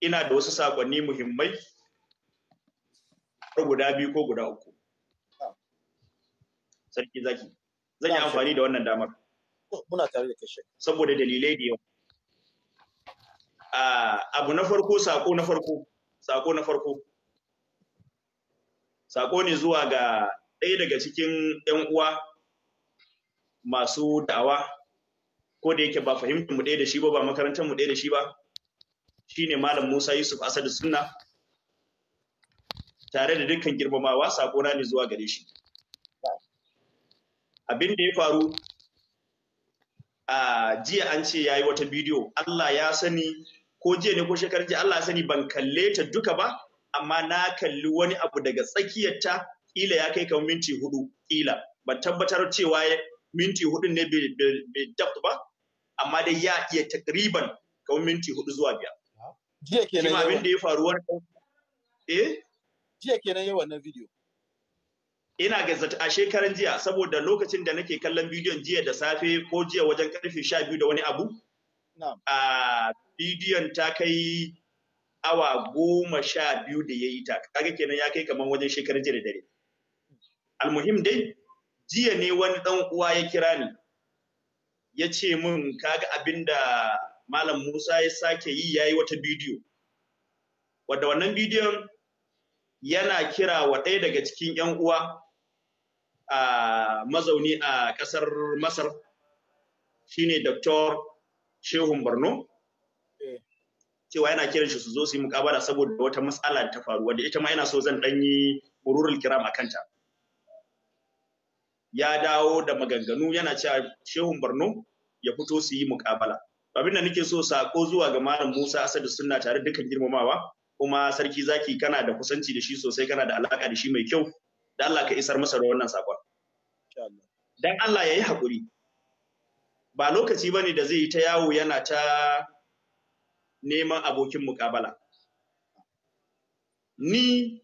ina da wasu sakonni muhimmai har guda biyu ko guda uku. Sarki zaki, zan yi amfani da wannan damar. Muna tare da kashe. Saboda dalilai da yawa. Abu na farko, sako na farko, sako na farko. Sako ne zuwa ga ɗaya daga cikin ‘yan uwa masu da'awa, ko da yake ba fahimtar mu ɗaya da shi ba, ba makarantar mu ɗaya da shi ba. shine malam Musa Yusuf Asadu Sunna tare da dukkan girmamawa sakona ne zuwa gare shi abin da ya faru a jiya an ce yayi wata bidiyo Allah ya sani ko jiya ne ko shekarar jiya Allah ya sani ban kalle ta duka ba amma na kalli wani abu daga tsakiyarta ƙila ya kai kamar minti hudu ƙila ban tabbatar cewa minti hudu ne bai daft ba amma dai ya iya takriban kamar minti hudu zuwa biyar Jiya kenan yawa. abin da ya faru wannan. Eh? Jiya kenan yawa na bidiyo. Ina gazzata a shekaran jiya saboda lokacin da nake kallon bidiyon jiya da safe ko jiya wajen karfe sha biyu da wani abu. A bidiyon ta kai awa goma sha biyu da ya yi ta. Kaga kenan ya kai kamar wajen shekaran jiya da dare. Almuhim dai jiya ne wani dan uwa ya kira ni. Ya ce min kaga abin da malam Musa ya sake yi yayi wata bidiyo wadda wannan bidiyon yana kira wa ɗaya daga cikin 'yan uwa a mazauni a ƙasar Masar Shi ne Dr. Shehun Borno eh. cewa yana kiran shi su zo su yi mukabara saboda wata matsala da ta faru wadda ita ma yana so zan ɗanyi mururul kiram a kanta. Ya dawo da maganganu yana cewa Shehun Barno ya fito su yi mukabala. abin da nake so sako zuwa ga malam Musa Asadu Sunna tare dukan girmamawa kuma sarki zaki kana da kusanci da shi sosai kana da alaka da shi mai kyau da Allah ka isar masa da wannan sakon dan Allah yayi hakuri ba lokaci bane da zai yi ta yawo yana ta neman abokin mukabala ni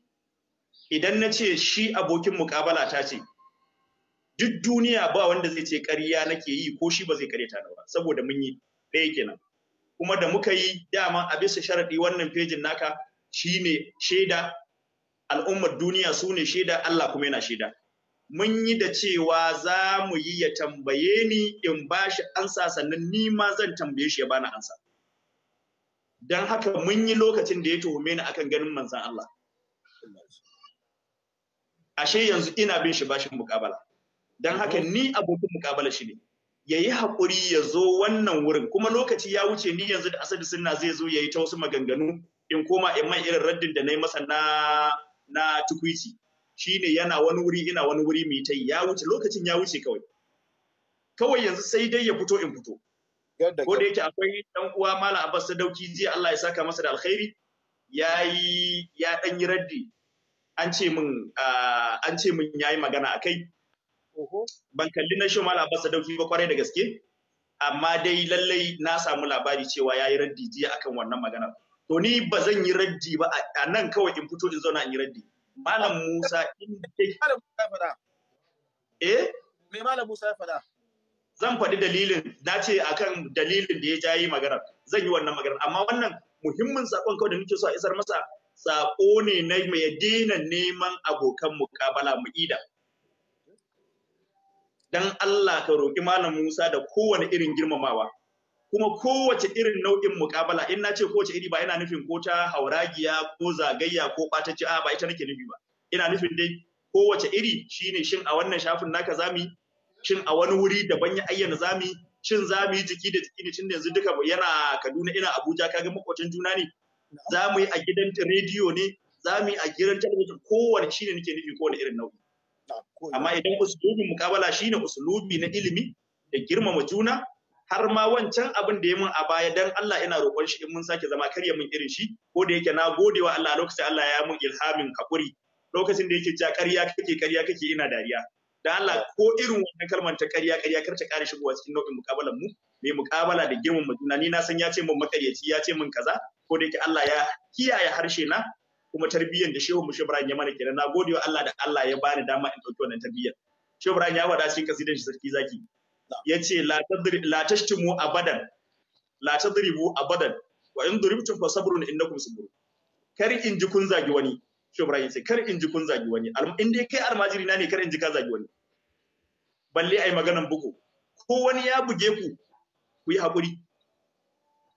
idan na ce shi abokin mukabala ta ce duk duniya ba wanda zai ce ƙarya nake yi ko shi ba zai karyata ta ba saboda mun yi ɗaya kenan kuma da muka yi dama a bisa sharaɗi wannan fejin naka shine shaida al'ummar duniya su ne shaida Allah kuma yana shaida mun yi da cewa za mu yi ya tambaye ni in ba shi ansa sannan ni ma zan tambaye shi ya bani ansa don haka mun yi lokacin da ya tuhume ni akan ganin manzan Allah ashe yanzu ina bin shi bashin mukabala don haka ni abokin mukabala shi ne ya yi haƙuri ya zo wannan wurin kuma lokaci ya wuce ni yanzu da asali sunna zai zo ya yi ta wasu maganganu in koma in man irin raddin da na yi masa na na tukwici shine yana wani wuri ina wani wuri mai ta ya wuce lokacin ya wuce kawai kawai yanzu sai dai ya fito in fito ko da yake akwai dan uwa malam abbas sadauki jiya Allah ya saka masa da alkhairi yayi ya dan yi raddi an ce min ah, an ce min yayi magana akai Ban kalli na Shehu Malam Abbas Sadauki ba kwarai da gaske. Amma dai lallai na samu labari cewa ya yi raddi jiya akan wannan magana. To ni ba zan yi raddi ba a nan kawai in fito in zauna in yi raddi. Malam Musa in ke Malam Musa ya Eh? Me Malam Musa ya faɗa? Zan faɗi dalilin, na ce akan dalilin da ya jayi magana. Zan yi wannan magana. Amma wannan muhimmin sakon kawai da nake so a isar masa sako ne na mai daina neman abokan mukabala mu ida dan Allah ka roƙi malam Musa da kowane irin girmamawa kuma kowace irin nau'in muƙabala in na ce kowace iri ba ina nufin ko ta hauragiya ko zagayya ko ɓatacci a ba ita nake nufi ba ina nufin dai kowace iri shine shin a wannan shafin naka zami shin a wani wuri daban ya ayyana zami shin zamu yi jiki da jiki ne shin yanzu duka yana Kaduna ina Abuja kaga makwacin juna ne zamu yi a gidan rediyo ne zamu yi a gidan talabijin kowane shine nake nufi kowane irin nau'i amma idan usulubi mukabala shine usulubi na ilimi da girmama juna har ma wancan abin da ya mun a baya dan Allah ina roƙon shi in mun sake zama kar ya mun irin shi ko da yake na gode wa Allah lokacin Allah ya mun ilhamin hakuri lokacin da yake ja ƙarya kake ƙarya kake ina dariya dan Allah ko irin wannan kalmar ta ƙarya ƙarya kar ta ƙara shigowa cikin nau'in mukabalan mu mai mukabala da girmama juna ni na san ya ce mun makaryaci ya ce mun kaza ko da yake Allah ya kiyaye harshe na kuma tarbiyyar da shehu mu Ibrahim ya mana kenan na gode wa Allah da Allah ya bani dama in dauki wannan tarbiyyar shehu Ibrahim ya wada shi kasidan shi sarki zaki yace la tadri la tashtimu abadan la tadribu abadan wa in duribtum sabrun innakum sabrun kar in ji kun zagi wani shehu Ibrahim sai kar in ji kun zagi wani in dai kai almajiri na ne kar in ji ka zagi wani balle ai maganan bugu ko wani ya buge ku ku yi haƙuri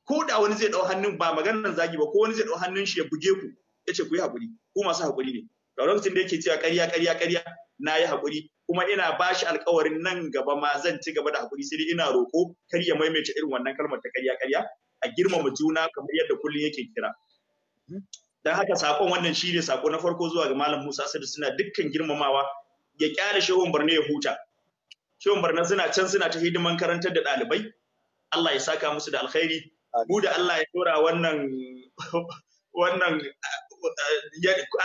ko da wani zai ɗau hannun ba maganar zagi ba ko wani zai ɗau hannun shi ya buge ku yace ku yi hakuri ku masu hakuri ne da lokacin da yake cewa ƙarya ƙarya ƙarya na yi hakuri kuma ina ba shi alƙawarin nan gaba ma zan ci gaba da hakuri sai dai ina roƙo kar ya maimaita irin wannan kalmar ta ƙarya ƙarya a girmama juna kamar yadda kullum yake kira don haka sakon wannan shi ne sako na farko zuwa ga malam Musa da suna dukkan girmamawa ya kyale shehun barne ya huta shehun barne suna can suna ta hidiman karantar da ɗalibai Allah ya saka musu da alkhairi mu da Allah ya dora wannan wannan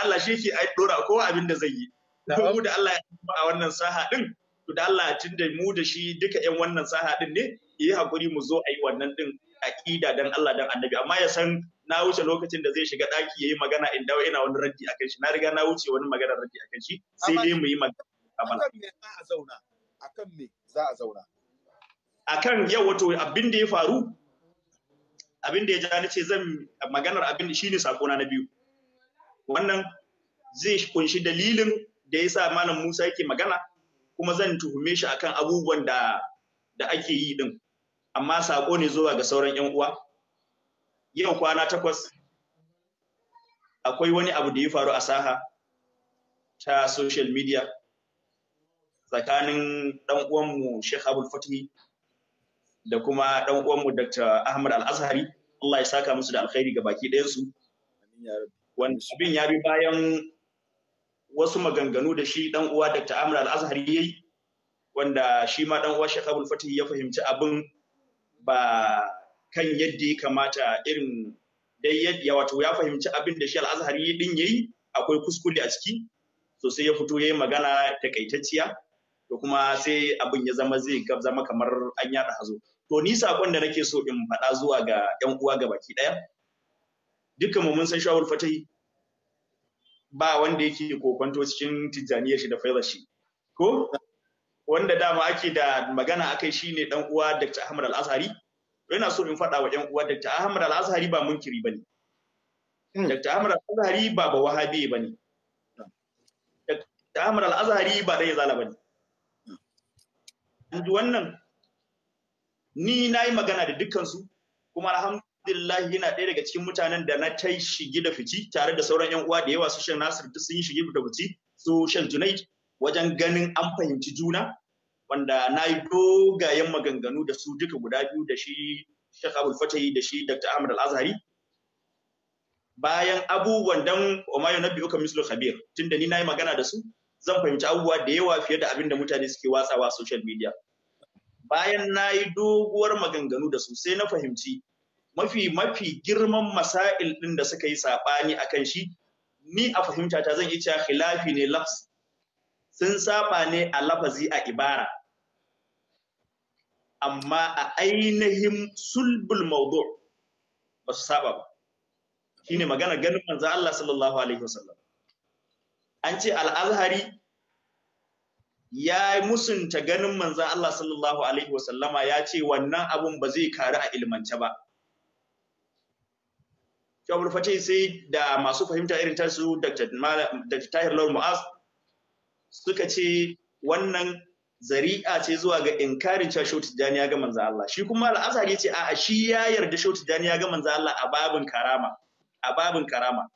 Allah shi ke ɗora kowa abin da zai yi. Mu da Allah ya a wannan saha din, to da Allah tun da mu da shi duka 'yan wannan saha din ne, ya yi haƙuri mu zo a yi wannan din ƙida don Allah don annabi. Amma ya san na wuce lokacin da zai shiga ɗaki ya yi magana in dawo ina wani raddi akan shi. Na riga na wuce wani magana raddi akan shi, sai dai mu yi magana. me za a zauna? yau wato abin da ya faru abin da ya ja ni ce zan maganar abin shi ne sakona na biyu wannan zai kunshi dalilin da ya sa malam Musa yake magana kuma zan tuhume shi akan abubuwan da da ake yi din amma sako ne zuwa ga sauran yan uwa yau kwana takwas akwai wani abu da ya faru a saha ta social media tsakanin uwan uwanmu Sheikh Abdul Fatih da kuma uwan uwanmu Dr. Ahmad Al-Azhari Allah ya saka musu da alkhairi ga baki ɗayansu. Amin ya rabbi. wanda abin ya bi bayan wasu maganganu da shi dan uwa Dr. Amr Al-Azhari yayi wanda shi ma dan uwa Sheikh Abdul Fatih ya fahimci abin ba kan yadda ya kamata irin dai yadda wato ya fahimci abin da shi Al-Azhari din yayi akwai kuskure a ciki to sai ya fito yayi magana takaitacciya to kuma sai abin ya zama zai gab zama kamar an yada hazo to ni sakon da nake so in faɗa zuwa ga yan uwa gabaki baki daya dukkan mu mun san shawar fatahi ba wanda yake kokonto cikin tijjaniyar shi da failar shi ko wanda dama ake da magana akai shine dan uwa Dr. Ahmad Al-Azhari yana so in faɗa wa ƴan uwa Dr. Ahmad Al-Azhari ba munkiri bane hmm. Dr. Ahmad Al-Azhari ba ba wahabi bane Dr. Ahmad Al-Azhari ba dai zala bane an wannan ni nayi magana da dukkan su kuma alhamdulillah alhamdulillah yana ɗaya daga cikin mutanen da na kai shigi da fici tare da sauran yan uwa da yawa su shan Nasir duk sun yi shigi da fici su shan Junaid wajen ganin an fahimci juna wanda na yi dogayen maganganu da su duka guda biyu da shi Sheikh Abdul Fatahi da shi Dr. Ahmad Al-Azhari bayan abubuwan dan na Nabi uka mislu khabir tunda ni na yi magana da su zan fahimci abubuwa da yawa fiye da abin da mutane suke watsawa social media bayan na yi doguwar maganganu da su sai na fahimci mafi mafi girman masail ɗin da suka yi saɓani a kan shi ni a fahimta ta zan yi cewa khilafi ne lafs sun saba ne a lafazi a ibara amma a ainihin sulbul maudu ba su saba ba Shi ne magana ganin manzo Allah sallallahu alaihi wasallam an ce al-azhari ya musunta ganin manzan Allah sallallahu Alaihi wasallama ya ce wannan abun ba zai karu a ilmance ba. jawabul fashe sai da masu fahimta irin tasu da Dr. Tahir Lawal Mu'az suka ce wannan zari'a ce zuwa ga inkarin cewa shautu Tijjani ya ga manzo Allah shi kuma al'azhar ya ce a'a shi ya yarda shautu Tijjani ya ga manzo Allah a babin karama a babin karama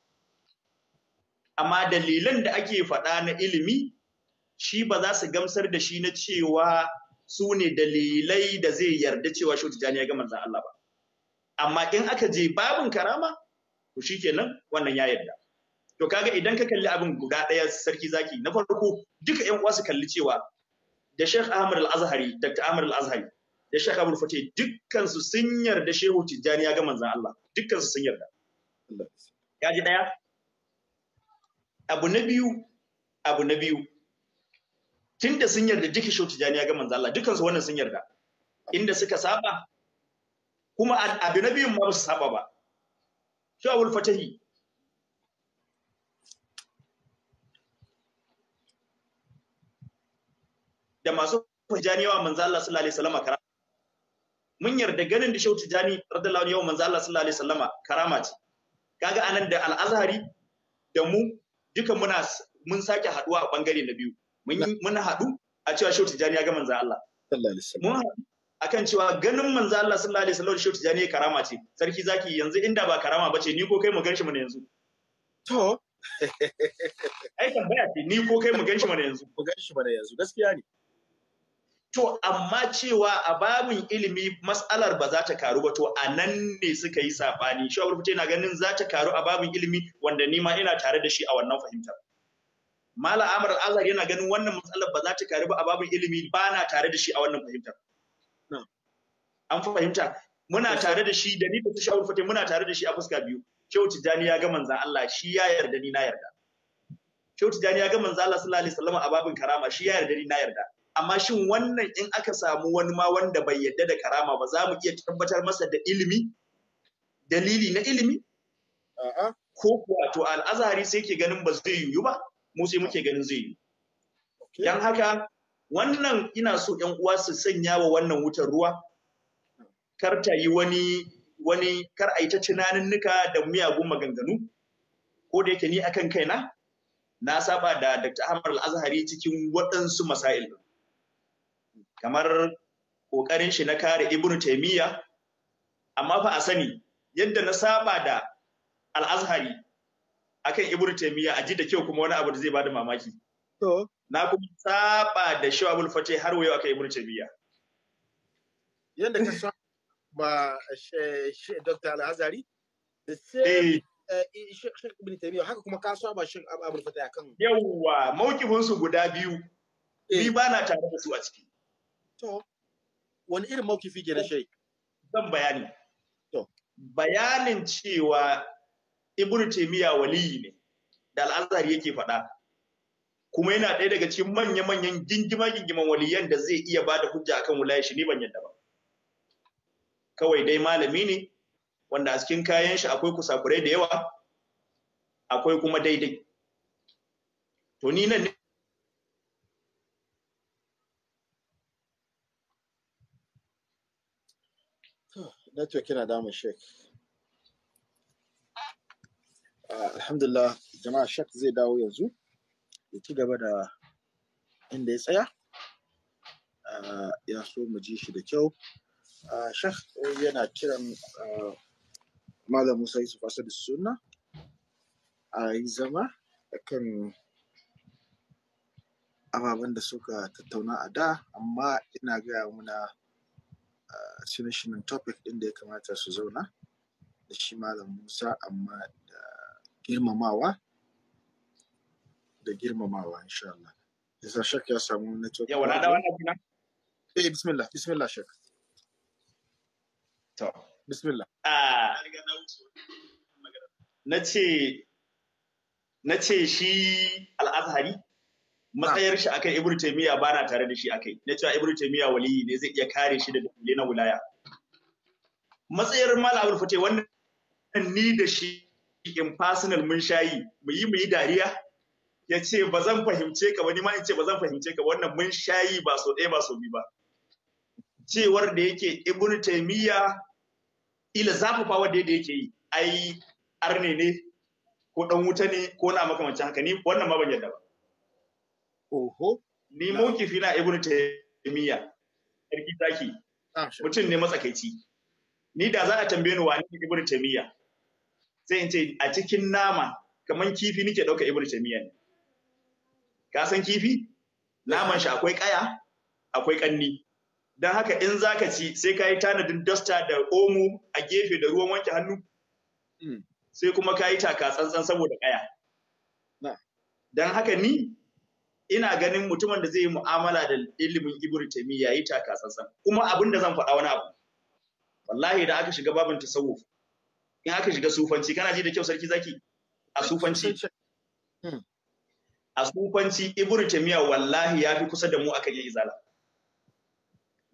amma dalilan da ake faɗa na ilimi shi ba za su gamsar da shi na cewa su ne dalilai da zai yarda cewa shautu Tijjani ya ga manzo Allah ba amma in aka je babin karama to shikenan wannan ya yarda to kaga idan ka kalli abin guda ɗaya sarki zaki na farko duka ƴan uwa su kalli cewa da Sheikh Ahmad Al-Azhari Dr. Ahmad Al-Azhari da Sheikh Abdul Fatih dukkan su sun yarda Sheikh Tijani ya ga manzon Allah dukkan su sun yarda ya ji ɗaya abu na biyu abu na biyu tunda sun yarda duka Sheikh Tijani ya ga manzon Allah dukkan su wannan sun yarda inda suka saba kuma abu na biyun ma ba su saba ba to abul fatahi da masu fajaniyawa manzo Allah sallallahu alaihi wasallam karama mun yarda ganin da shautu jani radallahu anhu manzo Allah sallallahu alaihi wasallam karama ce kaga anan da al-azhari da mu duka muna mun sake haduwa a bangare na biyu mun mun hadu a cewa shautu jani ya ga manzo Allah sallallahu alaihi wasallam akan cewa ganin manzo Allah sallallahu alaihi wasallam shi tijani karama ce sarki zaki yanzu inda ba karama bace ni ko kai mu ganshi mu ne yanzu to ai tambaya ce ni ko kai mu ganshi mu ne yanzu mu ganshi mu ne yanzu gaskiya ne to amma cewa a babin ilimi mas'alar ba za ta karu ba to a nan ne suka yi sabani shi abu na ganin za ta karu a babin ilimi wanda ni ma ina tare da shi a wannan fahimtar Malam Amr al yana ganin wannan matsalar ba za ta karu ba a babin ilimi ba na tare da shi a wannan fahimtar. an fahimta muna tare da shi da ni da tashi aure muna tare da shi a fuska biyu shehu tijani ya ga manzan Allah shi ya yarda ni na yarda shehu tijani ya ga manzan Allah sallallahu alaihi wasallam a babin karama shi ya yarda ni na yarda amma shin wannan in aka samu wani ma wanda bai yarda da karama ba za mu iya tabbatar masa da ilimi dalili na ilimi ko kuwa to al'azhari sai ke ganin ba zai yiwu ba mu sai muke ganin zai yiwu dan haka wannan ina so 'yan uwa su sanya wa wannan wutar ruwa kar ta yi wani wani kar a yi ta tunaninnika da miyagun maganganu ko da yake ni akan kaina na saba da Dr. Ahmad Al-Azhari cikin waɗansu masail kamar ƙoƙarin shi na kare Ibn Taymiyyah amma fa a sani yadda na saba da Al-Azhari akan Ibn Taymiyyah a da kyau kuma wani abu da zai bada mamaki to na kuma saba da Shawabul Fatih har wayo akan Ibn Taymiyyah yadda ka ma Dr. Al-Azari da sai Sheikh haka kuma ka saba Sheikh Abdul ta kan yawa maukifin su guda biyu ni ba na tare da su a ciki to wani irin maukifi ke na shai. zan bayani to bayanin cewa Ibn Taymiyyah waliyi ne da Al-Azari yake faɗa kuma yana ɗaya daga cikin manya-manyan gingima-gingiman waliyan da zai iya ba da hujja akan wulayen shi ni ban yadda ba kawai dai malami ne wanda a cikin kayan shi akwai kusakurai da yawa akwai kuma daidai to ni nan ne network yana damun shek ah, alhamdulillah jama'a shek zai dawo yanzu ya ci gaba da inda ya tsaya ah, ya so mu ji shi da kyau shekh eh, yana kiran malam musa yusuf asadu sunna a yi zama kan ababen da suka tattauna a da amma ina gaya muna sinishinin topic ɗin da ya kamata su zauna da shi malam musa amma da girmamawa da girmamawa insha Allah. Yasa shak ya samu network. Yawa na da wannan Eh bismillah bismillah shak. To, bismillah. Ah. Na ce, na ce shi al'azhari matsayar shi akan Ibn Taymiyyah ba na tare da shi akai. Na cewa Ibn Taymiyyah waliyi ne zai iya kare shi da kule na wilaya. Matsayar Malam Abdul wannan ni da shi in personal mun shayi mu yi mu yi dariya ya ce ba zan fahimce ka ni ma in ce ba zan fahimce ka wannan mun shayi ba so ɗaya ba so biyu ba. cewar da yake ibn taimiyya ila zafafa wanda da yake yi ai arne ne ko dan wuta ne ko na makamancin haka ni wannan ma ban yadda ba oho ni mawkifi na ibn taimiyya sarki zaki ah, mutum ne matsakaici ni da za a tambaye ni wani ibn taimiyya sai in ce a cikin nama kaman kifi nike dauka ibn taimiyya ne ka san kifi naman shi akwai kaya akwai kanni don haka in za ka ci sai ka yi tanadin dosta da omo a gefe da ruwan wanke hannu hmm. sai kuma ka yi taka tsantsan saboda kaya don haka ni ina ganin mutumin da zai yi mu'amala da ilimin ibn ya yi taka tsantsan kuma abin da zan faɗa wani abu wallahi da aka shiga babin tasawuf in aka shiga sufanci kana ji da kyau sarki zaki a sufanci hmm. a sufanci ibn taymiya wallahi ya fi kusa da mu akan yi izala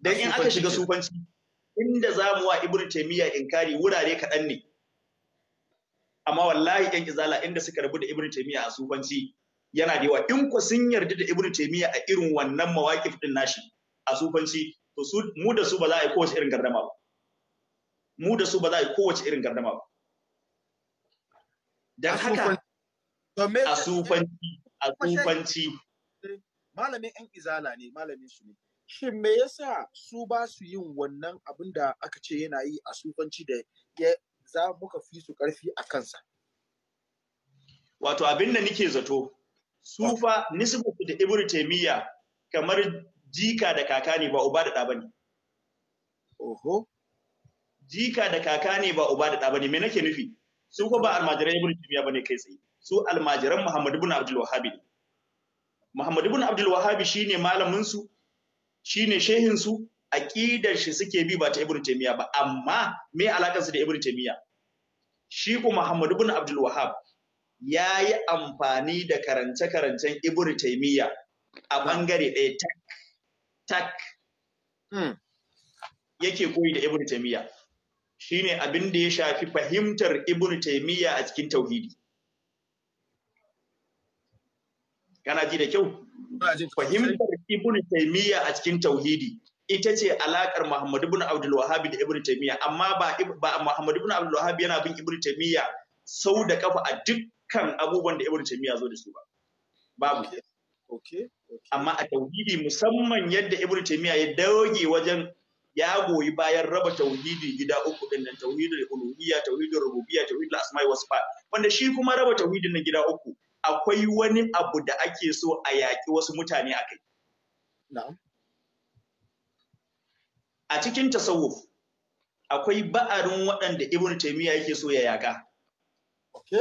dan in aka shiga sufanci inda za mu wa ibnu Taymiyyah inkari wurare kaɗan ne amma wallahi yan izala inda suka rabu da ibnu Taymiyyah a sufanci yana da yawa in ku sun yarda da ibnu Taymiyyah a irin wannan mawaqif din nashi a sufanci to su mu da su ba za a yi kowace irin gardama ba mu da su ba za a yi kowace irin gardama ba dan haka a sufanci a sufanci eh, malamin yan izala ne malamin su ne shin me yasa su ba su yin wannan abin da aka ce yana yi a sufanci da ya za muka fi su ƙarfi a kansa wato abin da nike zato sufa nisbatu da ibnu taymiya kamar jika da kaka ne ba uba da ɗa bane oho jika da kaka ne ba uba da ɗa bane me nake nufi su ko ba almajiran ibnu ba bane kai tsaye su almajiran muhammad ibn abdul wahhabi ne muhammad ibn abdul wahhabi shine malamin su shine shehin su aqidar shi suke bi ba ta Ibn Taymiyyah ba amma mai alakar su da Ibn Taymiyyah shi ku Muhammad ibn Abdul Wahhab yayi amfani da karance-karancen Ibn Taymiyyah a bangare ɗaya tak tak hmm. yake koyi da Ibn Taymiyyah shine abin da ya shafi fahimtar Ibn Taymiyyah a cikin tauhidi kana ji da kyau fahimtar ibn taymiya a cikin tauhidi ita ce alakar Muhammad ibn Abdul Wahhab da Ibn Taymiyyah amma ba ba Muhammad ibn Abdul Wahhab yana bin Ibn Taymiyyah sau da kafa a dukkan abubuwan da Ibn Taymiyyah zo da su ba babu okay amma a tauhidi musamman yadda Ibn Taymiyyah ya doge wajen ya goyi bayan raba tauhidi gida uku din nan tauhidul uluhiyya tauhidul rububiyya tauhidul asma'i was sifat wanda shi kuma raba tauhidin na gida uku akwai wani abu da ake so a yaƙi wasu mutane akai a cikin tasawuf akwai ba'arin waɗanda ibn taymiya yake so ya yaka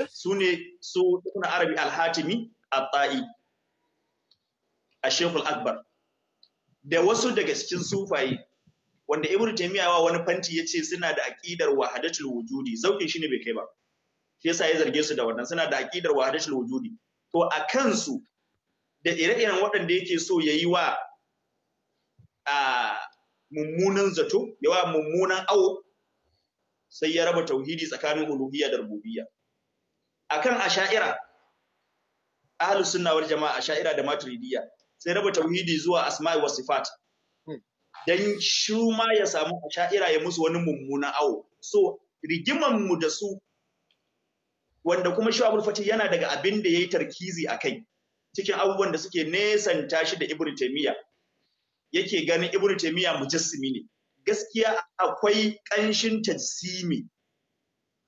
su ne su ibn arabi al-hatimi at-ta'i a shekul akbar da wasu daga cikin sufaye wanda ibn taymiya wa wani fanti yace suna da aqidar wahdatul wujudi zaukin shine bai kai ba shi yasa ya zarge su da wannan suna da aqidar wahdatul wujudi to a kansu da ire-iren waɗanda yake so yayi wa mummunan zato yawa mummunan awo sai ya raba tauhidi tsakanin uluhiyya da rububiyya akan asha'ira ahlus sunna wal jama'a asha'ira da maturidiyya sai raba tauhidi zuwa asma'i wa sifat hmm. dan shi ma ya samu asha'ira ya musu wani mummunan awo so rigiman mu da su wanda kuma shi abul yana daga abin da ya yi tarkizi a kai cikin abubuwan da suke nesanta shi da ibnu taymiya yake ganin ibnu Taymiyyah mujassimi ne gaskiya akwai ƙanshin tajsimi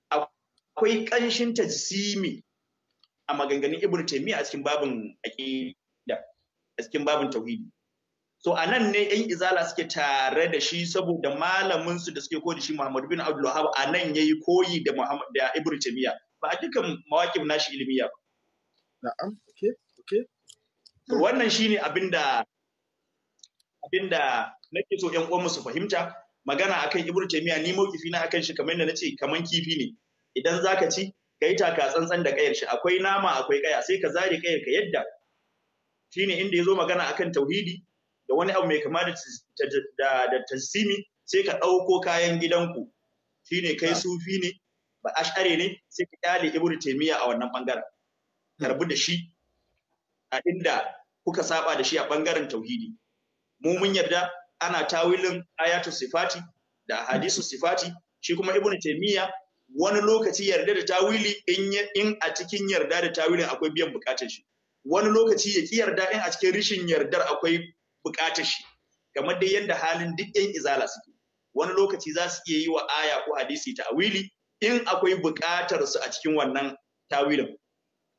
akwai ƙanshin tajsimi a maganganun ibnu Taymiyyah a cikin babin aqida a cikin babin tauhidi so a nan ne yan izala suke tare da shi saboda malamin su da suke koyi shi Muhammad bin Abdul Wahhab a nan yayi koyi da Muhammad da ibnu Taymiyyah ba a dukkan mawaqib nashi ilmiya ba na'am okay okay wannan shine abinda abinda nake so ƴan uwanmu su fahimta magana akan ibnu taymiya ni mawkifi na akan shi kamar yadda nace kaman kifi ne idan zaka ci kai taka tsantsan da kayar shi akwai nama akwai kaya sai ka zare kayar ka yadda shine inda yazo magana akan tauhidi da wani abu mai kama da da tasimi sai ka ɗauko kayan gidanku shine kai ah. sufi ne ba ashare ne sai ka kyale ibnu taymiya a wannan bangaren karbu da shi a inda kuka saba da shi a bangaren tauhidi mu mun yarda ana tawilin ayatu sifati da hadisu sifati shi kuma ibnu taymiya wani lokaci yarda da tawili in a cikin yarda da tawilin akwai biyan bukatar shi wani lokaci ya ki yarda in a cikin rishin yardar akwai bukatar shi kamar dai yadda halin duk yan izala suke wani lokaci za su iya yi wa aya ko hadisi tawili in akwai bukatar su a cikin wannan tawilin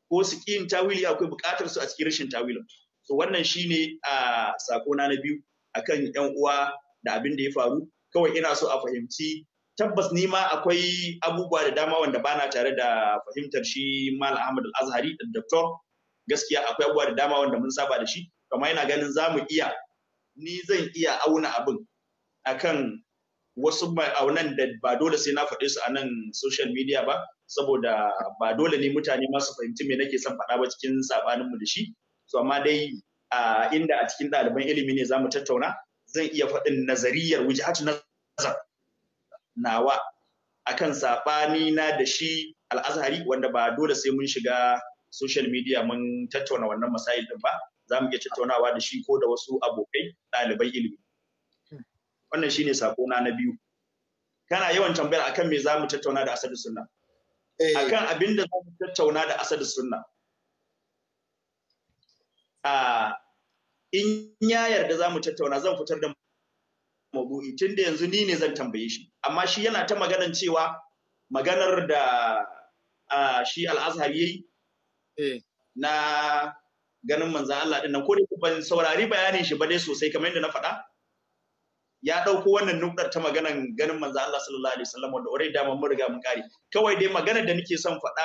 ko su ƙi yin tawili akwai bukatar su a cikin rashin tawilin so wannan shi ne a sakona na biyu akan yan uwa da abin da ya faru kawai ina so a fahimci tabbas ni ma akwai abubuwa da dama wanda bana tare da fahimtar shi mal ahmad al-azhari da Dr. gaskiya akwai abubuwa da dama wanda mun saba da shi kamar yana ganin za mu iya ni zan iya auna abin akan wasu aunan da ba dole sai na faɗe su a nan social media ba saboda ba dole ne mutane masu fahimci me nake son faɗa ba cikin sabaninmu da shi so amma dai inda a cikin ɗaliban ilimi ne za mu tattauna zan iya faɗin nazariyar wujahatu nazar nawa akan saɓani na da shi al'azhari wanda ba dole sai mun shiga social media mun tattauna wannan masail din ba za mu iya tattaunawa da shi ko da wasu abokai ɗaliban ilimi wannan shine sakona na biyu kana yawan tambayar akan me za mu tattauna da asadu sunna eh. akan abin da za mu tattauna da asadu sunna in ya yarda za mu tattauna zan fitar da mabu'i tun da yanzu ni ne zan tambaye shi amma shi yana ta maganar cewa maganar da shi al'azhar yayi eh. na ganin manzan Allah ɗin nan ko dai ban saurari bayanin shi ba dai sosai kamar yadda na faɗa ya ɗauko wannan nukɗar ta maganar ganin manzan Allah sallallahu alaihi wasallam wanda dama mun riga mun kare kawai dai maganar da nake son faɗa